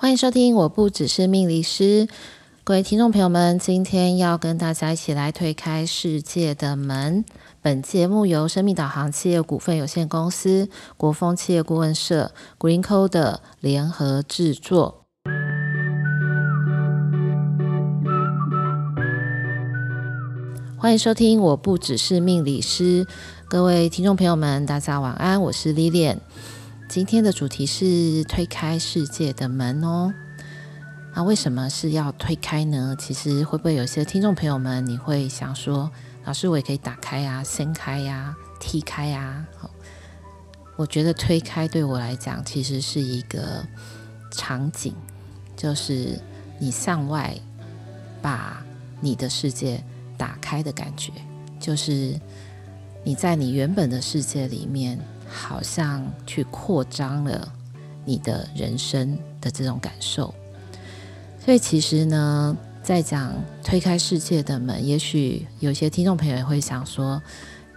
歡迎收聽，我不只是命理師，各位聽眾朋友們，今天要跟大家一起來推開世界的門。本節目由生命導航企業股份有限公司、國峰企業顧問社、GreenCoder 聯合制作。歡迎收聽，我不只是命理師，各位聽眾朋友們，大家晚安，我是 Lilian。今天的主題是推開世界的門哦。那為什麼是要推開呢？其實會不會有些聽眾朋友們，你會想說，老師我也可以打開呀、啊、掀開呀、啊、踢開呀、啊？好，我覺得推開對我來講，其實是一個場景，就是你向外把你的世界打開的感覺，就是你在你原本的世界裡面。好像去擴張了你的人生的這種感受，所以其實呢，在講推開世界的門，也許有些聽眾朋友也會想說：“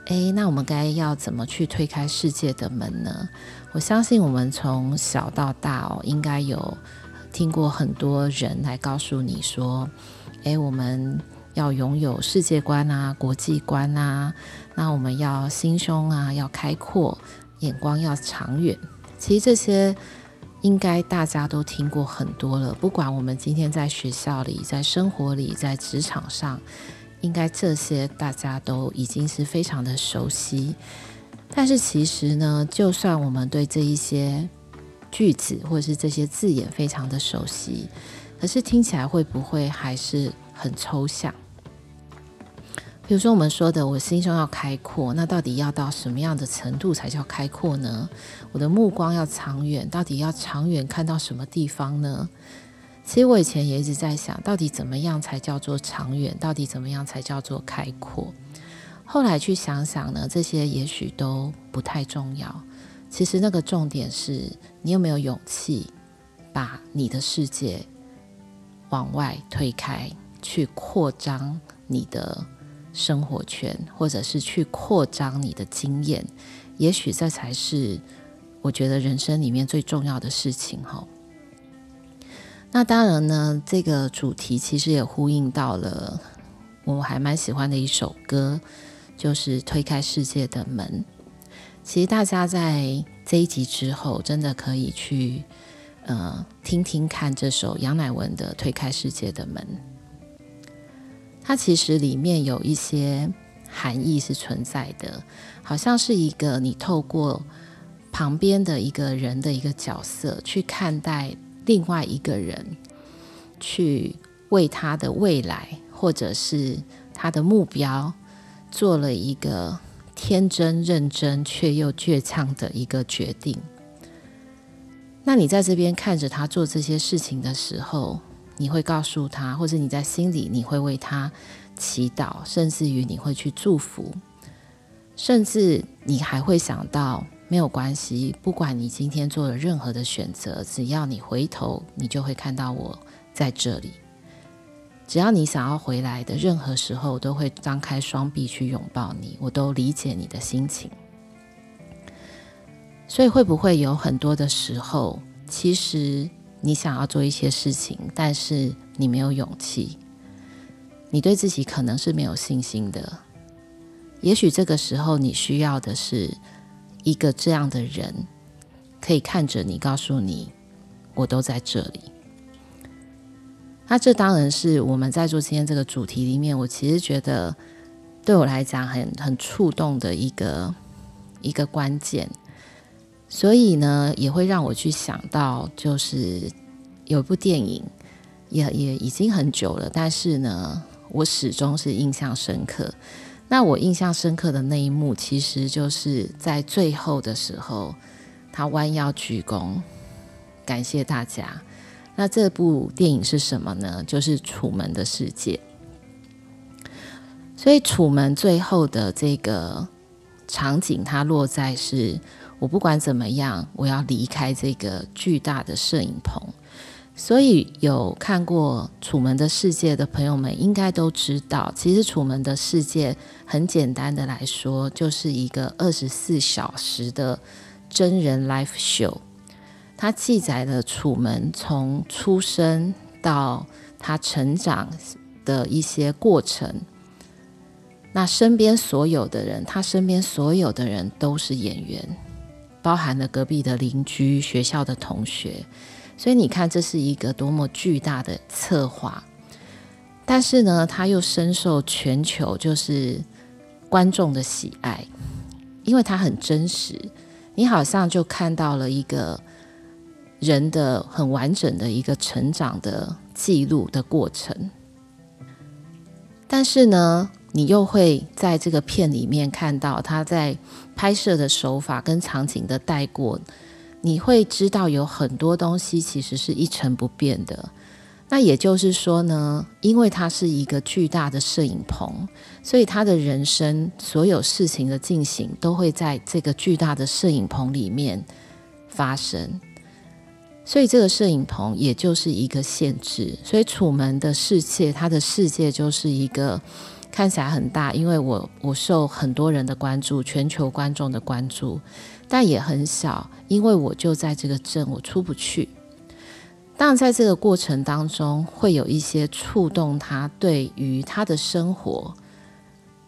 誒，那我們該要怎麼去推開世界的門呢？”我相信我們從小到大哦，應該有聽過很多人來告訴你說：“誒，我們要擁有世界觀啊，國際觀啊，那我們要心胸啊，要開闊。”眼光要長遠，其實這些應該大家都聽過很多了。不管我們今天在學校裡、在生活裡、在職場上，應該這些大家都已經是非常的熟悉。但是其實呢，就算我們對這一些句子或者是這些字眼非常的熟悉，可是聽起來會不會還是很抽象？比如說我們說的，我心胸要開闊，那到底要到什麼樣的程度才叫開闊呢？我的目光要長遠，到底要長遠看到什麼地方呢？其實我以前也一直在想，到底怎麼樣才叫做長遠，到底怎麼樣才叫做開闊。後來去想想呢，這些也許都不太重要。其實那個重點是你有沒有勇氣把你的世界往外推開，去擴張你的。生活圈，或者是去擴張你的經驗，也許這才是我覺得人生裡面最重要的事情哈。那當然呢，這個主題其實也呼應到了我還蠻喜歡的一首歌，就是《推開世界的門》。其實大家在這一集之後，真的可以去呃聽聽看這首楊乃文的《推開世界的門》。它其實裡面有一些含義是存在的，好像是一個你透過旁邊的一個人的一個角色去看待另外一個人，去為他的未來或者是他的目標做了一個天真認真卻又倔強的一個決定。那你在這邊看着他做這些事情的時候，你會告訴他，或者你在心裡，你會為他祈禱，甚至於你會去祝福，甚至你還會想到沒有關係，不管你今天做了任何的選擇，只要你回頭，你就會看到我在這裡。只要你想要回來的，任何時候我都會張開雙臂去擁抱你。我都理解你的心情，所以會不會有很多的時候，其實，你想要做一些事情，但是你沒有勇氣，你對自己可能是沒有信心的。也許這個時候你需要的是一個這樣的人，可以看着你，告訴你，我都在這裡。那這當然是我們在做今天這個主題裡面，我其實覺得對我來講很很觸動的一個一個關鍵。所以呢，也會讓我去想到，就是有部電影，也也已經很久了，但是呢，我始終是印象深刻。那我印象深刻的那一幕，其實就是在最後的時候，他彎腰鞠躬，感謝大家。那這部電影是什麼呢？就是《楚門的世界》。所以，楚門最後的這個場景，它落在是。我不管怎麼樣，我要離開這個巨大的攝影棚。所以有看過《楚門的世界》的朋友們，應該都知道，其實《楚門的世界》很簡單的來說，就是一個二十四小時的真人 live show。它記載了楚門從出生到他成長的一些過程。那身邊所有的人，他身邊所有的人都是演員。包含了隔壁的鄰居、學校的同學，所以你看，這是一個多麼巨大的策劃。但是呢，他又深受全球就是觀眾的喜愛，因為他很真實，你好像就看到了一個人的很完整的一個成長的記錄的過程。但是呢，你又會在這個片裡面看到他在拍攝的手法跟場景的帶過，你會知道有很多東西其實是一成不變的。那也就是說呢，因為他是一個巨大的攝影棚，所以他的人生所有事情的進行都會在這個巨大的攝影棚裡面發生。所以這個攝影棚也就是一個限制。所以楚門的世界，他的世界就是一個。看起來很大，因為我我受很多人的關注，全球觀眾的關注，但也很小，因為我就在這個鎮，我出不去。當然，在這個過程當中，會有一些觸動他對於他的生活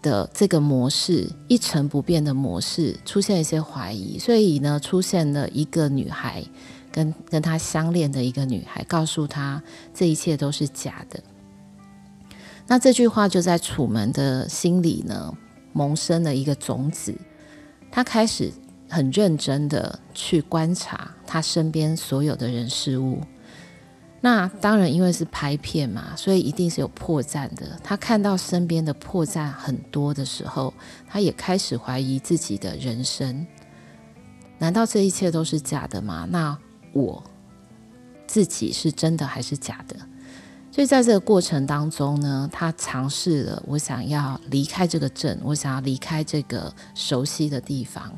的這個模式，一成不變的模式出現一些懷疑，所以呢，出現了一個女孩，跟跟他相戀的一個女孩，告訴他這一切都是假的。那這句話就在楚門的心裡呢，萌生了一個種子。他開始很認真的去觀察他身邊所有的人事物。那當然，因為是拍片嘛，所以一定是有破綻的。他看到身邊的破綻很多的時候，他也開始懷疑自己的人生。難道這一切都是假的嗎？那我自己是真的還是假的？所以在這個過程當中呢，他嘗試了，我想要離開這個鎮，我想要離開這個熟悉的地方。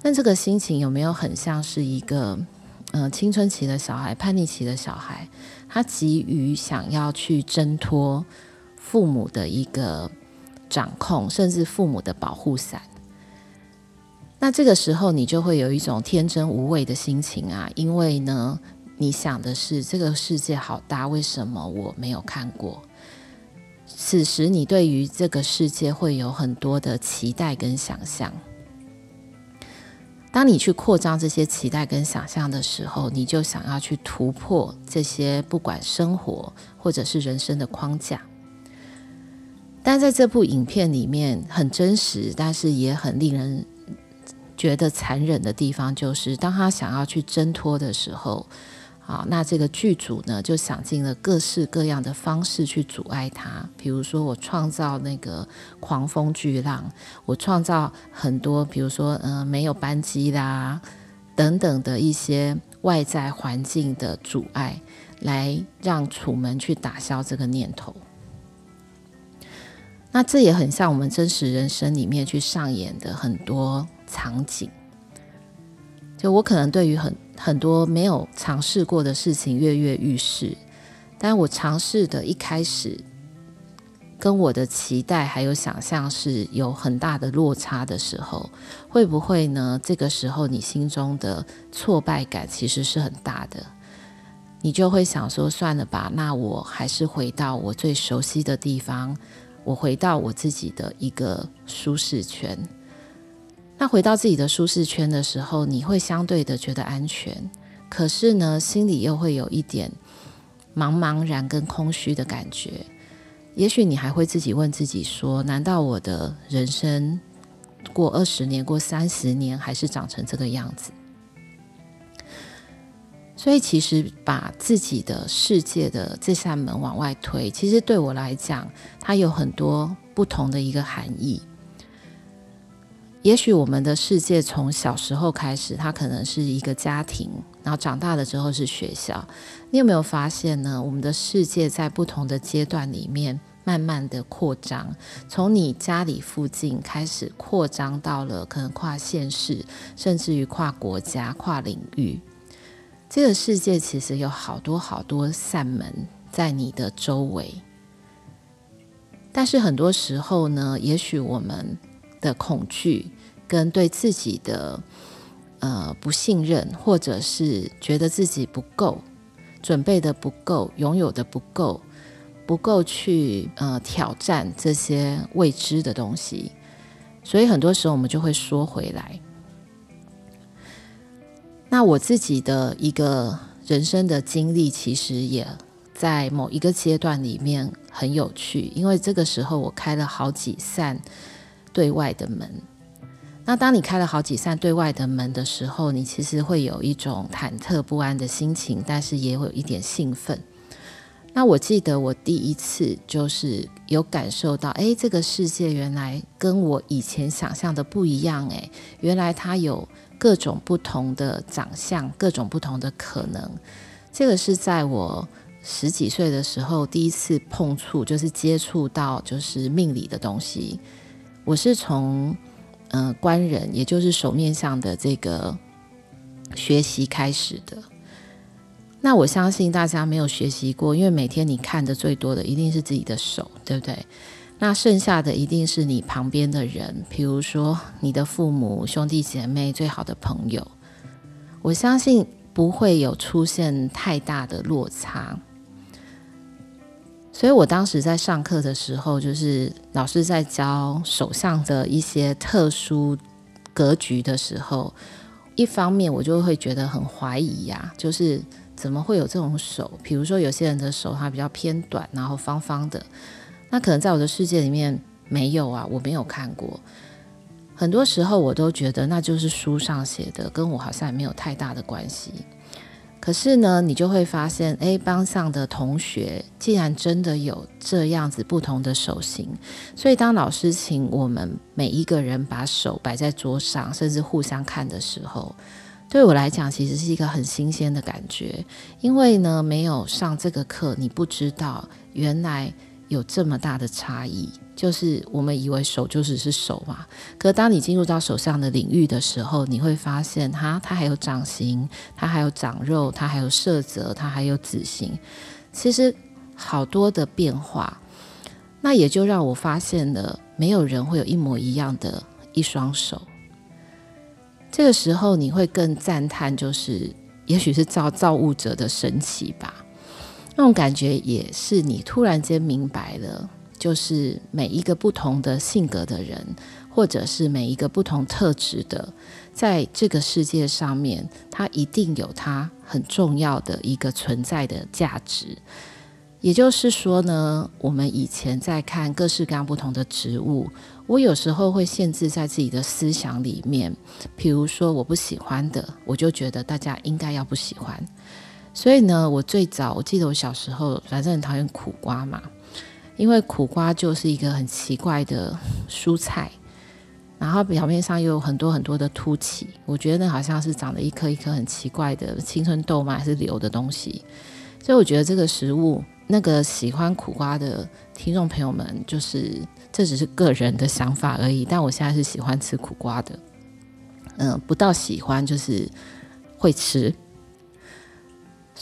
那這個心情有沒有很像是一個嗯、呃，青春期的小孩、叛逆期的小孩？他急於想要去掙脫父母的一個掌控，甚至父母的保護傘。那這個時候你就會有一種天真無畏的心情啊，因為呢。你想的是這個世界好大，為什麼我沒有看過？此時你對於這個世界會有很多的期待跟想象。當你去擴張這些期待跟想象的時候，你就想要去突破這些不管生活或者是人生的框架。但在這部影片裡面很真實，但是也很令人覺得殘忍的地方，就是當他想要去掙脫的時候。啊，那這個劇組呢，就想盡了各式各樣的方式去阻礙他，比如說我創造那個狂風巨浪，我創造很多，比如說嗯、呃，沒有班機啦，等等的一些外在環境的阻礙，來讓楚門去打消這個念頭。那這也很像我們真實人生裡面去上演的很多場景，就我可能對於很。很多沒有嘗試過的事情躍躍欲試，但我嘗試的一開始，跟我的期待還有想象是有很大的落差的時候，會不會呢？這個時候你心中的挫敗感其實是很大的，你就會想說算了吧，那我還是回到我最熟悉的地方，我回到我自己的一個舒適圈。那回到自己的舒適圈的時候，你會相對的覺得安全，可是呢，心裡又會有一點茫茫然跟空虛的感覺。也許你還會自己問自己說：“難道我的人生過二十年、過三十年，還是長成這個樣子？”所以，其實把自己的世界的這扇門往外推，其實對我來講，它有很多不同的一個含義。也許我們的世界從小時候開始，它可能是一個家庭，然後長大了之後是學校。你有沒有發現呢？我們的世界在不同的階段裡面，慢慢的擴張，從你家裡附近開始擴張到了可能跨縣市，甚至於跨國家、跨領域。這個世界其實有好多好多扇門在你的周圍，但是很多時候呢，也許我們的恐懼跟對自己的呃不信任，或者是覺得自己不夠準備的不夠，擁有的不夠，不夠去呃挑戰這些未知的東西。所以很多時候我們就會說回來。那我自己的一個人生的經歷，其實也在某一個階段裡面很有趣，因為這個時候我開了好幾扇。對外的門，那當你開了好幾扇對外的門的時候，你其實會有一種忐忑不安的心情，但是也會有一點興奮。那我記得我第一次就是有感受到，誒，這個世界原來跟我以前想象的不一樣，誒，原來它有各種不同的長相，各種不同的可能。這個是在我十幾歲的時候第一次碰觸，就是接觸到就是命理的東西。我是從，嗯、呃，觀人，也就是手面相的這個學習開始的。那我相信大家沒有學習過，因為每天你看的最多的一定是自己的手，對不對？那剩下的一定是你旁邊的人，比如說你的父母、兄弟姐妹、最好的朋友。我相信不會有出現太大的落差。所以我當時在上課的時候，就是老師在教手相的一些特殊格局的時候，一方面我就會覺得很懷疑呀、啊，就是怎麼會有這種手？比如說有些人的手它比較偏短，然後方方的，那可能在我的世界裡面沒有啊，我沒有看過。很多時候我都覺得那就是書上寫的，跟我好像也沒有太大的關係。可是呢，你就會發現，欸，班上的同學竟然真的有這樣子不同的手型，所以當老師請我們每一個人把手擺在桌上，甚至互相看的時候，對我來講其實是一個很新鮮的感覺，因為呢，沒有上這個課，你不知道原來。有這麼大的差異，就是我們以為手就只是手嘛。可當你進入到手相的領域的時候，你會發現，它它還有掌形，它還有掌還有掌肉，它還有色澤，它還有指形。其實好多的變化。那也就讓我發現了，沒有人會有一模一樣的一雙手。這個時候，你會更讚嘆，就是也許是造造物者的神奇吧。這種感覺也是你突然間明白了，就是每一個不同的性格的人，或者是每一個不同特質的，在這個世界上面，它一定有它很重要的一個存在的價值。也就是說呢，我們以前在看各式各樣不同的植物，我有時候會限制在自己的思想裡面，比如說我不喜歡的，我就覺得大家應該要不喜歡。所以呢，我最早我記得我小時候，反正很討厭苦瓜嘛，因為苦瓜就是一個很奇怪的蔬菜，然後表面上又有很多很多的凸起，我覺得那好像是長了一顆一顆很奇怪的青春痘嘛，還是瘤的東西。所以我覺得這個食物，那個喜歡苦瓜的聽眾朋友們，就是這只是個人的想法而已。但我現在是喜歡吃苦瓜的，嗯，不到喜歡就是會吃。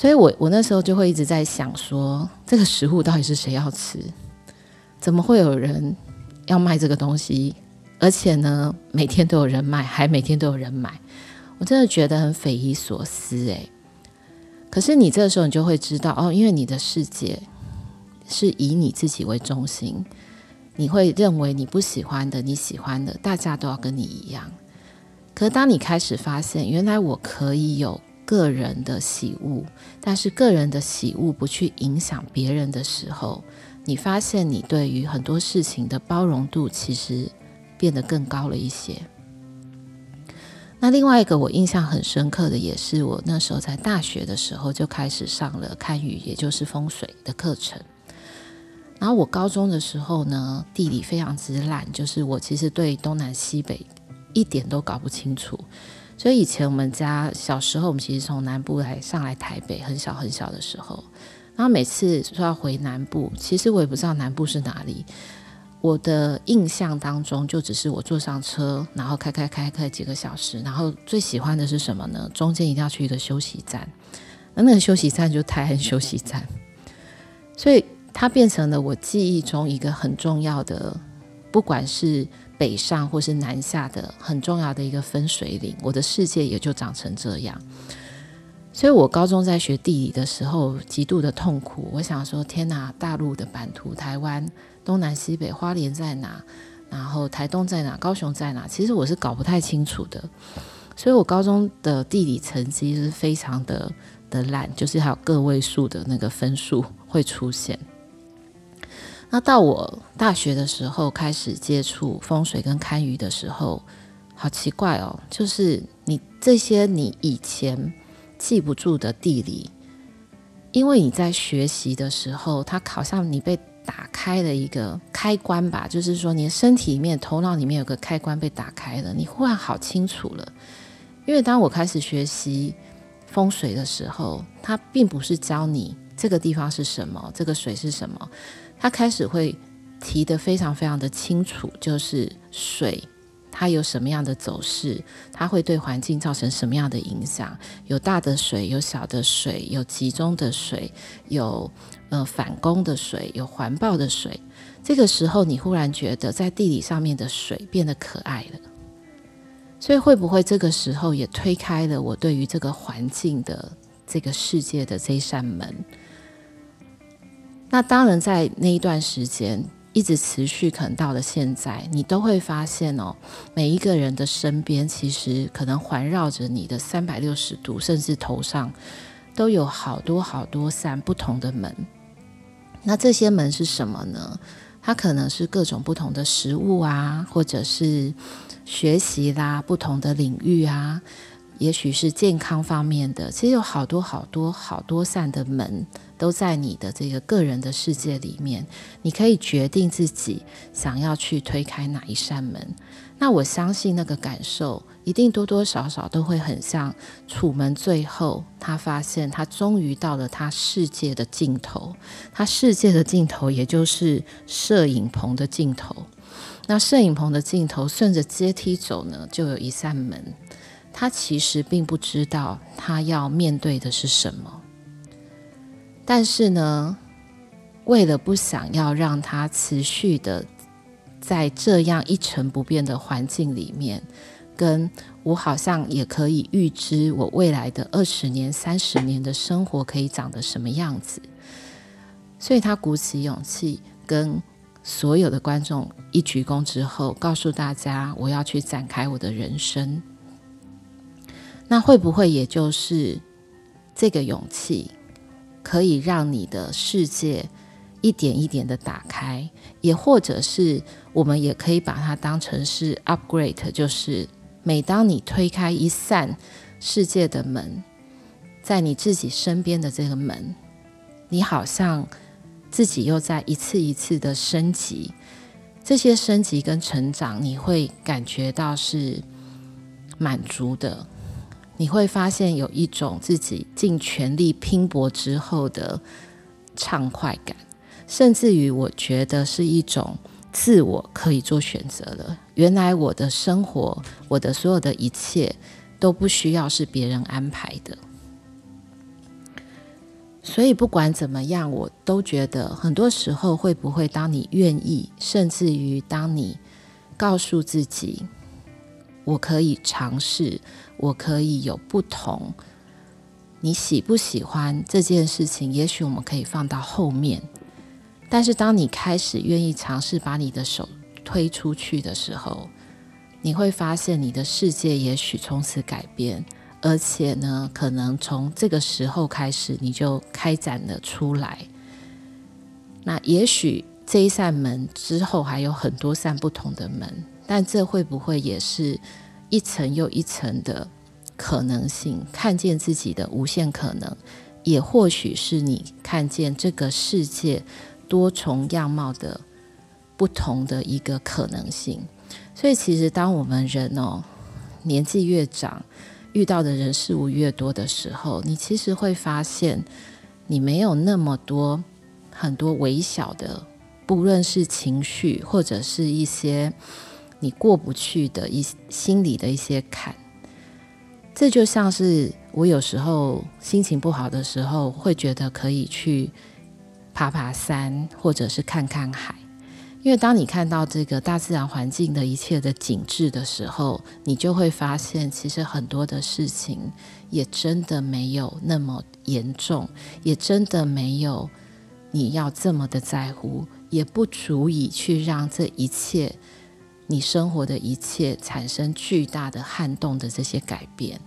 所以我，我我那時候就會一直在想說，說這個食物到底是誰要吃？怎麼會有人要賣這個東西？而且呢，每天都有人賣，還每天都有人買，我真的覺得很匪夷所思。誒。可是你這個時候，你就會知道哦，因為你的世界是以你自己為中心，你會認為你不喜歡的，你喜歡的，大家都要跟你一樣。可是，當你開始發現，原來我可以有。個人的喜惡，但是個人的喜惡不去影響別人的時候，你發現你對於很多事情的包容度其實變得更高了一些。那另外一個我印象很深刻的，也是我那時候在大學的時候就開始上了堪輿，也就是風水的課程。然後我高中的時候呢，地理非常之爛，就是我其實對東南西北一點都搞不清楚。所以以前我們家小時候，我們其實從南部來上來台北，很小很小的時候，然後每次說要回南部，其實我也不知道南部是哪裡。我的印象當中，就只是我坐上車，然後開開開開幾個小時，然後最喜歡的是什麼呢？中間一定要去一個休息站，那那個休息站就是泰安休息站。所以它變成了我記憶中一個很重要的，不管是，北上或是南下的很重要的一個分水嶺，我的世界也就長成這樣。所以我高中在學地理的時候極度的痛苦。我想說，天哪，大陸的版圖，台灣東南西北，花蓮在哪？然後台東在哪？高雄在哪？其實我是搞不太清楚的。所以我高中的地理成績是非常的的爛，就是還有個位數的那個分數會出現。那到我大學的時候開始接觸風水跟堪輿的時候，好奇怪哦，就是你這些你以前記不住的地理，因為你在學習的時候，它好像你被打開了一個開關吧，就是說你的身體裡面、頭腦裡面有個開關被打開了，你忽然好清楚了。因為當我開始學習風水的時候，它並不是教你這個地方是什麼，這個水是什麼。他開始會提得非常非常的清楚，就是水它有什麼樣的走勢，它會對環境造成什麼樣的影響？有大的水，有小的水，有集中的水，有呃反弓的水，有環抱的水。這個時候，你忽然覺得在地理上面的水變得可愛了。所以，會不會這個時候也推開了我對於這個環境的這個世界的這一扇門？那當然，在那一段時間一直持續，可能到了現在，你都會發現哦，每一個人的身邊其實可能環繞着你的三百六十度，甚至頭上都有好多好多扇不同的門。那這些門是什麼呢？它可能是各種不同的食物啊，或者是學習啦，不同的領域啊。也許是健康方面的，其實有好多好多好多扇的門都在你的這個個人的世界裡面，你可以決定自己想要去推開哪一扇門。那我相信那個感受一定多多少少都會很像楚門，最後他發現他終於到了他世界的盡頭，他世界的盡頭也就是攝影棚的盡頭。那攝影棚的盡頭順着階梯走呢，就有一扇門。他其實並不知道他要面對的是什麼，但是呢，為了不想要讓他持續的在這樣一成不變的環境裡面，跟我好像也可以預知我未來的二十年、三十年的生活可以長得什麼樣子，所以他鼓起勇氣，跟所有的觀眾一鞠躬之後，告訴大家，我要去展開我的人生。那會不會也就是這個勇氣，可以讓你的世界一點一點的打開？也或者是我們也可以把它當成是 upgrade，就是每當你推開一扇世界的門，在你自己身邊的這個門，你好像自己又在一次一次的升級。這些升級跟成長，你會感覺到是滿足的。你會發現有一種自己盡全力拼搏之後的暢快感，甚至於我覺得是一種自我可以做選擇的。原來我的生活，我的所有的一切都不需要是別人安排的。所以不管怎麼樣，我都覺得很多時候會不會當你願意，甚至於當你告訴自己。我可以嘗試，我可以有不同。你喜不喜歡這件事情？也許我們可以放到後面。但是，當你開始願意嘗試把你的手推出去的時候，你會發現你的世界也許從此改變，而且呢，可能從這個時候開始，你就開展了出來。那也許這一扇門之後還有很多扇不同的門。但這會不會也是一層又一層的可能性？看見自己的無限可能，也或許是你看見這個世界多重樣貌的不同的一個可能性。所以，其實當我們人哦，年紀越長，遇到的人事物越多的時候，你其實會發現，你沒有那麼多很多微小的，不論是情緒或者是一些。你過不去的一心裡的一些坎，這就像是我有時候心情不好的時候，會覺得可以去爬爬山，或者是看看海。因為當你看到這個大自然環境的一切的景致的時候，你就會發現，其實很多的事情也真的沒有那麼嚴重，也真的沒有你要這麼的在乎，也不足以去讓這一切。你生活的一切產生巨大的撼動的這些改變，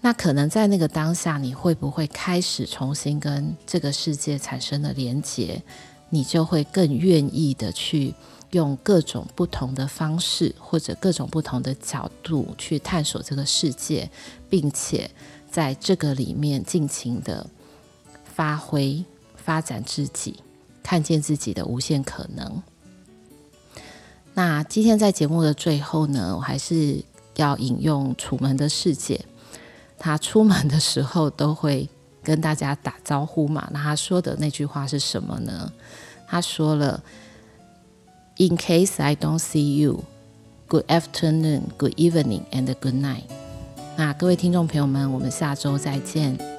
那可能在那個當下，你會不會開始重新跟這個世界產生了連接？你就會更願意的去用各種不同的方式，或者各種不同的角度去探索這個世界，並且在這個裡面盡情的發揮、發展自己，看見自己的無限可能。那今天在節目的最後呢，我還是要引用楚門的世界。他出門的時候都會跟大家打招呼嘛，那他說的那句話是什麼呢？他說了：“In case I don't see you, good afternoon, good evening, and good night。”那各位聽眾朋友們，我們下周再見。